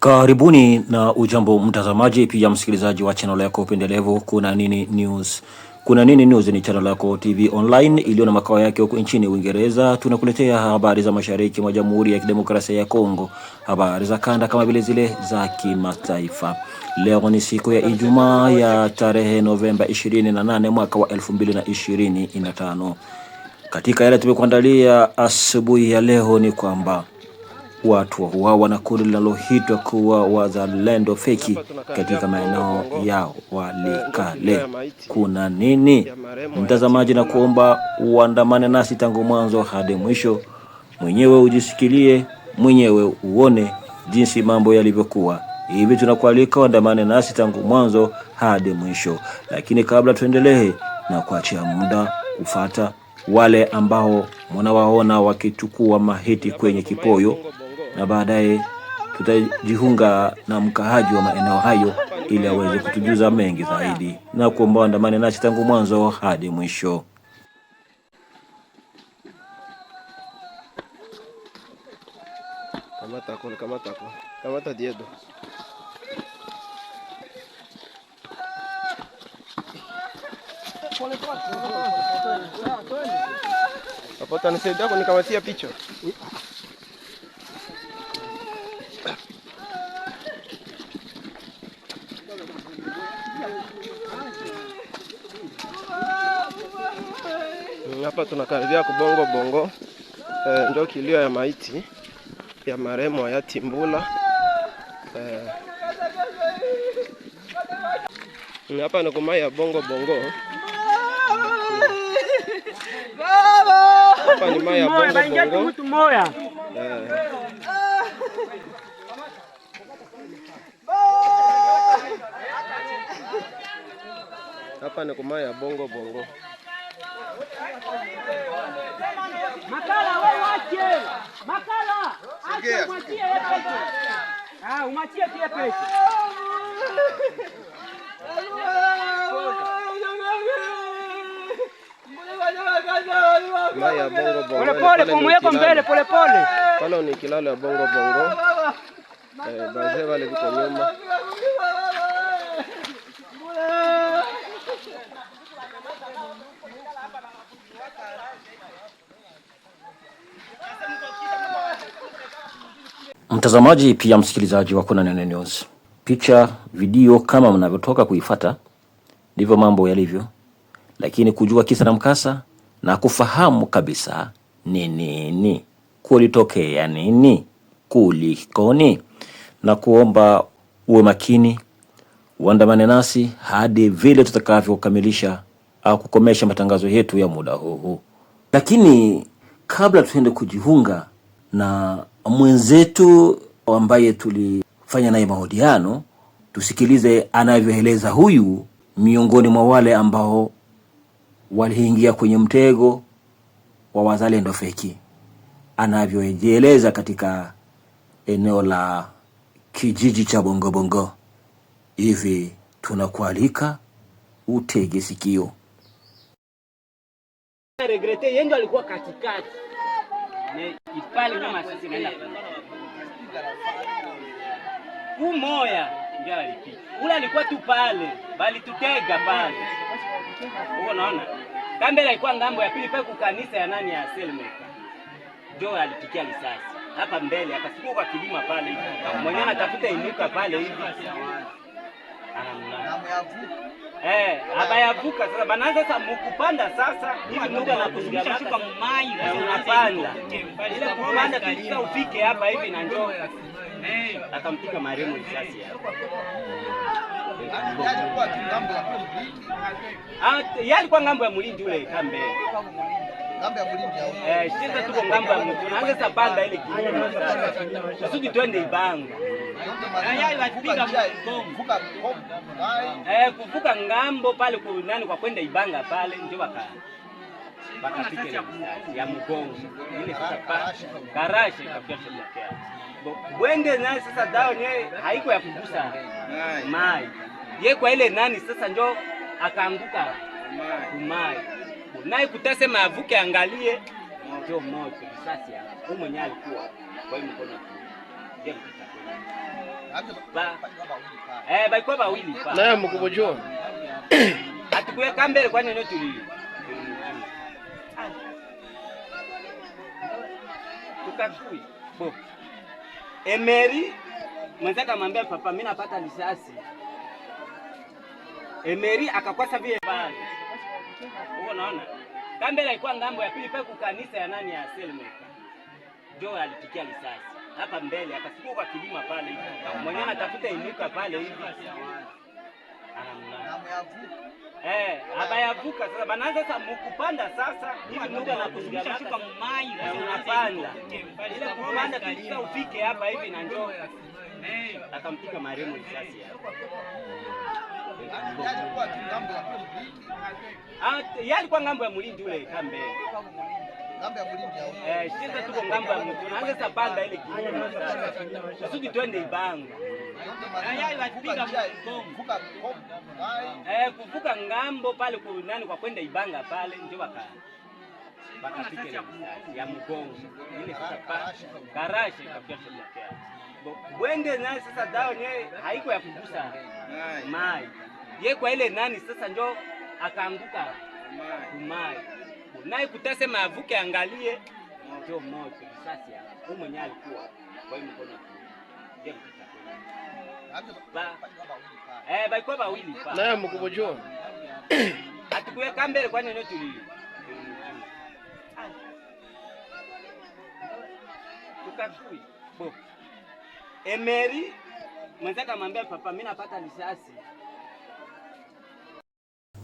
Karibuni na ujambo mtazamaji, pia msikilizaji wa channel yako upendelevu Kuna Nini News. Kuna Nini News ni channel yako TV online iliyo na makao yake huko nchini Uingereza. Tunakuletea habari za mashariki mwa Jamhuri ya Kidemokrasia ya Kongo, habari za kanda kama vile zile za kimataifa. Leo ni siku ya Ijumaa ya tarehe Novemba 28 mwaka wa 2025. Katika yale tumekuandalia asubuhi ya leo ni kwamba watu wauawa na kundi linaloitwa kuwa wazalendo feki katika maeneo yao Walikale. Kuna nini? Mtazamaji, na kuomba uandamane nasi tangu mwanzo hadi mwisho, mwenyewe ujisikilie, mwenyewe uone jinsi mambo yalivyokuwa. Hivi tunakualika uandamane nasi tangu mwanzo hadi mwisho, lakini kabla tuendelee na kuachia muda kufata wale ambao mnawaona wakichukua mahiti kwenye kipoyo na baadaye tutajiunga na mkahaji wa maeneo hayo ili aweze kutujuza mengi zaidi, na kuomba andamane nasi tangu mwanzo hadi mwisho. Kamata kuna, kamata kuna. Kamata diedo. Hapo tanisaidia kunikamatia Mm, hapa tunakaribia kubongo bongo. E, ndio kilio ya maiti ya marehemu hayati Mbula. E, ni kumai ya bongo bongo. Hapa ni mai ya bongo bongo. Hapa ni kumaya ya bongo bongo. Makala wewe wache. Makala acha umachie yeye peke. Ah, umachie yeye Pole pole, pumu yako mbele, pole. Pale ni kilalo ya bongo bongo. Eh, bazee wale viko nyuma. Mtazamaji pia msikilizaji wa Kuna Nini News, picha video kama mnavyotoka kuifata ndivyo mambo yalivyo, lakini kujua kisa na mkasa na kufahamu kabisa ni nini, kulitokea nini, kulikoni, na kuomba uwe makini, uandamane nasi hadi vile tutakavyokamilisha au uh, kukomesha matangazo yetu ya muda huu huu. Lakini kabla tuende kujiunga na mwenzetu ambaye tulifanya naye mahojiano, tusikilize anavyoeleza huyu miongoni mwa wale ambao waliingia kwenye mtego wa wazalendo feki, anavyojieleza katika eneo la kijiji cha Bongobongo. Hivi tunakualika utege sikio. Regrete yeye ndo alikuwa katikati pale, kama sisi naenda kumoya, ndio alipiga ule, alikuwa tu pale, bali tutega pale huko. Naona Kambele alikuwa ngambo ya pili pale kukanisa ya nani ya Selma, ndio alipikia risasi hapa mbele hapa, siku kwa kilima pale mwenyewe anatafuta inuka pale hivi Eh, abayavuka sasa bananza sasa mukupanda sasa hivi muda na kushukisha shuka mmai eh, unapanda. Ile kupanda kisha ufike hapa hivi na njoo. Eh, atampika maremu risasi hapa. Ah, yalikuwa ngambo ya mlindi ule kambe. Ngambo ya mlindi hao. Eh, sisi tuko ngambo ya mlindi. Tunaanza sasa panda ile kinyama sasa. Kusudi twende Ibanga kuvuka eh, ngambo pale kunani kwa kwenda Ibanga pale ndio waka ya mgongo ile sasa karashe bwende naye sasa dao nye haiko ya kugusa mai ye kwa ile nani sasa njo akaanguka kumai naye kutasema avuke angalie njo moto sasa huko alikuwa kwa mkono Eh, baikuwa bawili naye mukubujua atukuweka mbele kwa tuli tukakui bo mwenza kamwambia papa, mimi napata risasi. akakwasa vile uko naona kambele alikuwa ngambo ya pili pale kukanisa ya nani ya Selma, Joe alitikia risasi hapa mbele akasikia kwa kilima pale hivi, mwenye anatafuta inuka pale hivi Eh, abayavuka sasa banaanza sasa mukupanda sasa hivi mtu shuka unapanda. Ile kupanda kisha ufike hapa hivi na njoo. Eh, risasi yalikuwa ngambo ya ah, ule kambe. Shiza tuko ngambo mtu. Anza sasa banda ile kilimo. Kusudi twende Ibanga. Eh, kuvuka eh, ngambo pale ku kwa kwenda Ibanga pale ndio waka wakafike ya mgongo. Ile sasa pa karashe kabisa sasa. Bwende naye sasa dao nyewe haiko ya kugusa mai. Ye kwa ile nani sasa njo akaanguka kumai naye kutasema avuke angalie moto moto sasa huyu mwenye alikuwa kwa hiyo mkono je ba eh baikuwa bawili pa naye mkubujua atukuweka mbele kwa neno tuli tukakui bo emeri mwenzake amwambia papa mimi napata risasi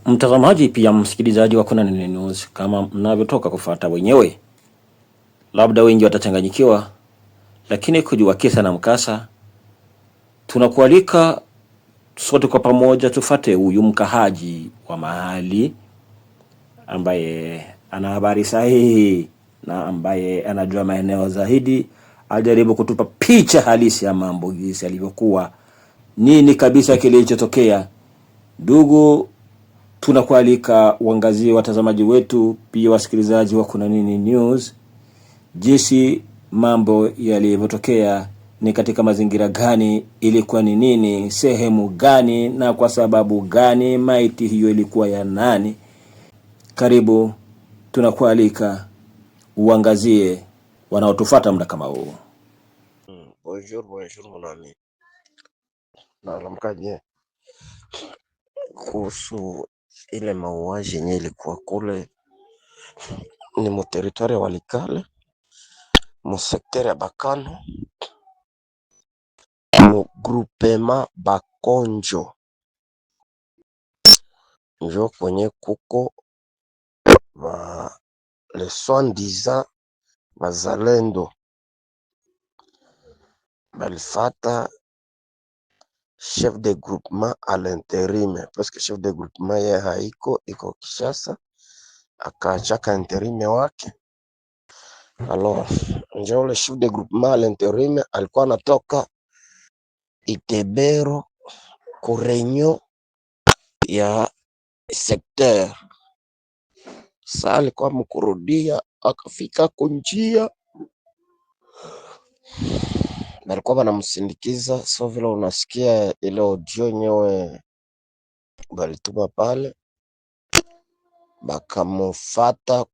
mtazamaji pia msikilizaji wa Nini News, kama mnavyotoka kufuata wenyewe, labda wengi watachanganyikiwa, lakini kujua kisa na mkasa, tunakualika sote kwa pamoja tufate huyu mkahaji wa mahali ambaye ana habari sahihi na ambaye anajua maeneo zaidi, ajaribu kutupa picha halisi ya mambo jinsi yalivyokuwa, nini kabisa kilichotokea. Ndugu tunakualika uangazie watazamaji wetu pia wasikilizaji wa Kuna Nini News jinsi mambo yalivyotokea, ni katika mazingira gani, ilikuwa ni nini, sehemu gani, na kwa sababu gani, maiti hiyo ilikuwa ya nani? Karibu, tunakualika uangazie wanaotufuata muda kama huu. kuhusu ile mauaji yenye ilikuwa kule ni muteritwari ya Walikale musektere ya Bakano mugrupema Bakonjo njo kwenye kuko ba le soi-disant bazalendo balifata chef de groupement à l'intérim, parce que chef de groupement ya haiko iko Kishasa, akachaka interime wake. Alors njo le chef de groupement à l'intérim alikuwa anatoka Itebero kurenyo ya secteur sa alikuwa mkurudia, akafika kunjia na alikuwa wanamsindikiza, so vile unasikia ile audio yenyewe balituma pale, bakamufata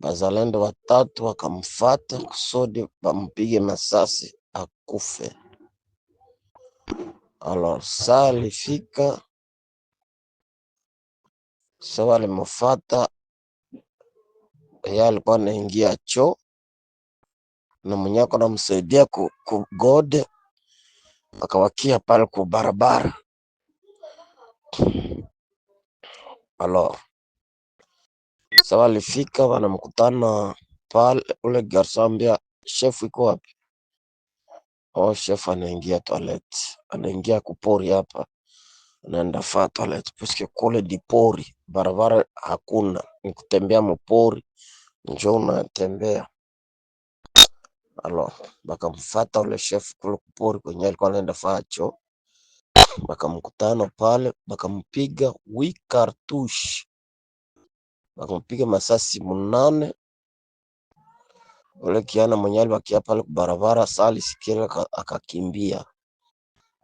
bazalendo watatu wakamfata kusudi bampige masasi akufe. Alors sa alifika so walimufata, ye alikuwa anaingia choo na mwenyako anamsaidia ku, ku God akawakia pale ku barabara alo sawa, alifika wanamkutana pale, ule garsambia ambia chef iko wapi? Oh, chef anaingia toilet, anaingia kupori hapa, anaenda faa toilet puske kule dipori barabara hakuna, ni kutembea mupori, njo unatembea alo, bakamfata ule chef kule kupori kwenye alikuwa anaenda facho, bakamkutano pale, bakampiga wi kartush, bakampiga masasi munane. Ule kiana mwenye alibakia pale kubarabara sali sikira, akakimbia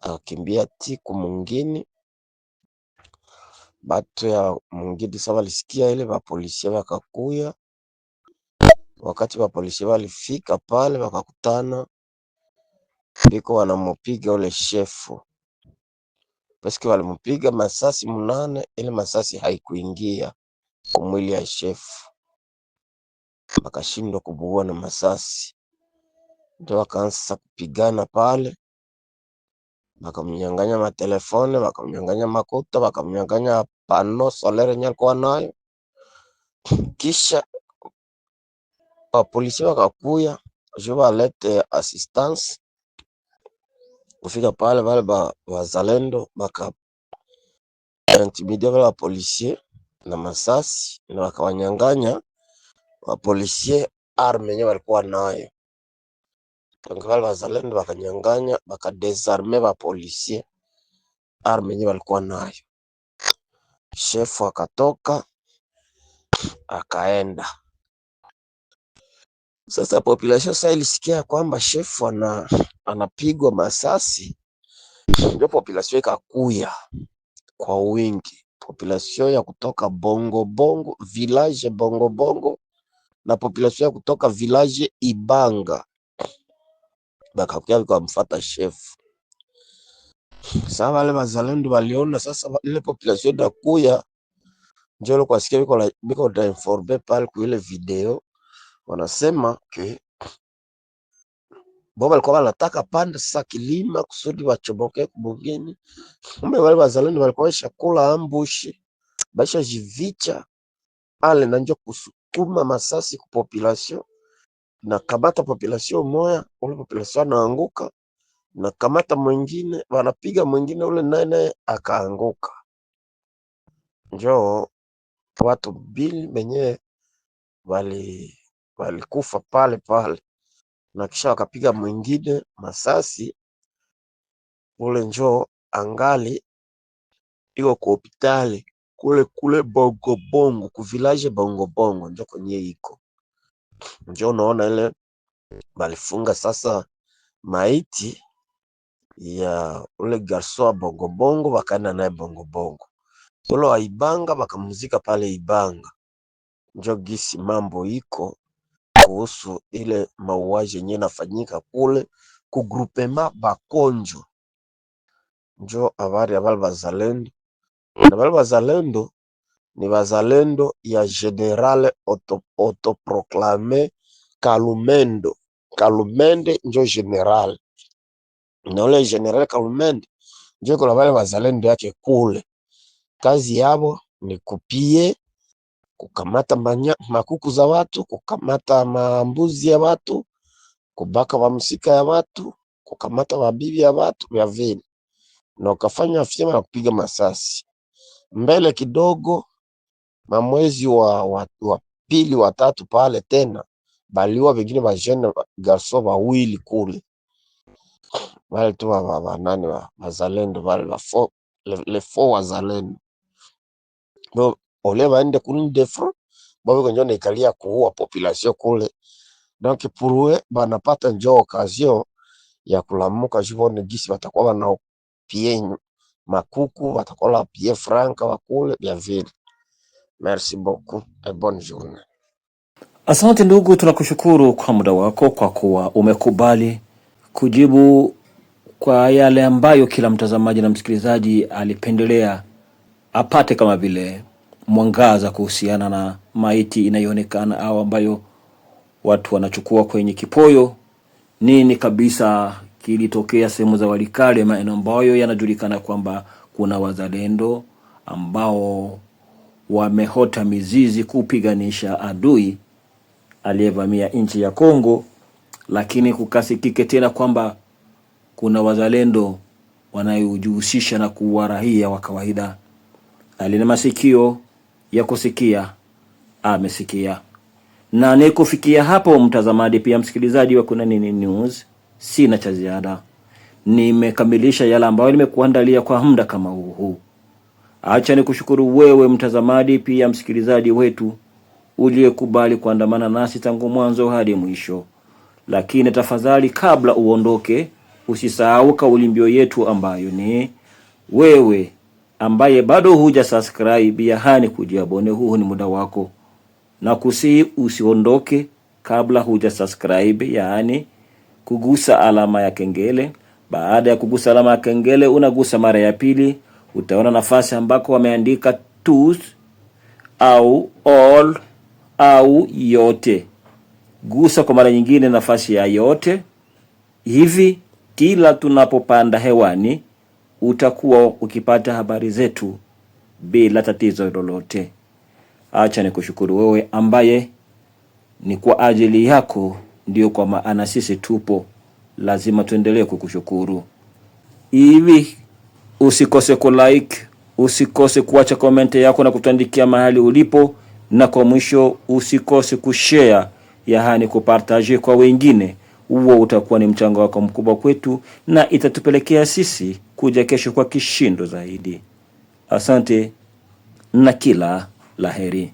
akakimbia tiku mungini batu ya mungidi sa balisikia ile bapolisia bakakuya Wakati polisi walifika pale wakakutana, ndiko wanamupiga ule shefu paske walimupiga masasi munane, ile masasi haikuingia kumwili ya shefu, akashindwa kubuua na masasi, ndio wakaanza kupigana pale, wakamnyang'anya matelefone, wakamnyang'anya makuta, wakamnyang'anya pano solere nyalikuwa nayo kisha bapolisi bakakuya ju balete assistance kufika pale, bale bazalendo baka intimidia bale bapolisier na masasi na bakabanyanganya bapolisier arme nye balikuwa nayo. Bale bazalendo bakanyanganya bakadesarme bapolisier arme nye balikuwa nayo. Shefu akatoka akaenda sasa population sasa ilisikia kwamba shefu ana, anapigwa masasi, ndio population ikakuya kwa wingi, population ya kutoka bongo bongo village bongo bongo na population ya kutoka village Ibanga bakakuya kumfuata shefu. Sasa wale wazalendo waliona sasa ile population ndio njo lokwasikia biko na informe pale ile video wanasema ke bo walikuwa wanataka pande sasa kilima kusudi wachoboke bungeni. Kumbe wale wazalendo walikuwa waisha ambush, ambushi, jivicha ale nanjo kusukuma masasi ku population na kamata population moya, ule population anaanguka na kamata mwingine, wanapiga mwingine, ule naye naye akaanguka. Njoo watu bili benye wali walikufa pale pale, na kisha wakapiga mwingine masasi kule. Njoo angali iko kwa hospitali kule kule Bongobongo, kuvilaje Bongobongo njo kwenye iko njo. Unaona ile balifunga sasa maiti ya ule garso wa Bongobongo, wakaenda naye Bongobongo ule wa Ibanga, bakamuzika pale Ibanga. Njo gisi mambo iko kuhusu ile mauaji yenye inafanyika kule kugrupema Bakonjo, njo habari ya bali bazalendo na bali bazalendo ni bazalendo ya General autoproclame auto Kalumendo Kalumende, njo general na ule general Kalumende njo kuna bale bazalendo yake kule, kazi yabo ni kupie kukamata manya, makuku za watu, kukamata mambuzi ya watu, kubaka wamsika ya watu, kukamata wabibi ya watu ya vile, na ukafanya vyema na kupiga masasi mbele kidogo. Mamwezi wa, wa, wa pili watatu pale tena baliwa vingine vajene garso wili kule wale tu wanani wazalendo wale lefo wazalendo ole kuni kunde fro babe njo naikalia kuua population kule donc purwe banapata njo okazio ya kulamuka jibone gisi na banapie makuku watakola pie franka bakule bya vile. Merci beaucoup et bonne journée. Asante ndugu, tunakushukuru kwa muda wako kwa kuwa umekubali kujibu kwa yale ambayo kila mtazamaji na msikilizaji alipendelea apate kama vile mwangaza kuhusiana na maiti inayoonekana au ambayo watu wanachukua kwenye kipoyo, nini kabisa kilitokea sehemu za Walikale, maeneo ambayo yanajulikana kwamba kuna wazalendo ambao wamehota mizizi kupiganisha adui aliyevamia nchi ya Kongo, lakini kukasikike tena kwamba kuna wazalendo wanayojihusisha na kuua raia wa kawaida. Alina masikio ya kusikia amesikia. Na nikufikia hapo, mtazamaji pia msikilizaji wa Kuna Nini News, sina cha ziada, nimekamilisha yale ambayo nimekuandalia kwa muda kama huu Acha nikushukuru wewe mtazamaji pia msikilizaji wetu uliyekubali kuandamana nasi tangu mwanzo hadi mwisho. Lakini tafadhali, kabla uondoke, usisahau kaulimbio yetu ambayo ni wewe ambaye bado huja subscribe ya hani kujiabone, huu ni muda wako na kusii usiondoke kabla huja subscribe, yaani kugusa alama ya kengele. Baada ya kugusa alama ya kengele, unagusa mara ya pili, utaona nafasi ambako wameandika tous au all au yote. Gusa kwa mara nyingine nafasi ya yote. Hivi kila tunapopanda hewani utakuwa ukipata habari zetu bila tatizo lolote. Acha kushukuru wewe ambaye ni kwa ajili yako ndiyo kwa maana sisi tupo, lazima tuendelee kukushukuru. Hivi usikose ku like, usikose kuacha komenti yako na kutuandikia mahali ulipo, na kwa mwisho usikose kushare, yaani kupartaje kwa wengine huo utakuwa ni mchango wako mkubwa kwetu na itatupelekea sisi kuja kesho kwa kishindo zaidi. Asante na kila laheri.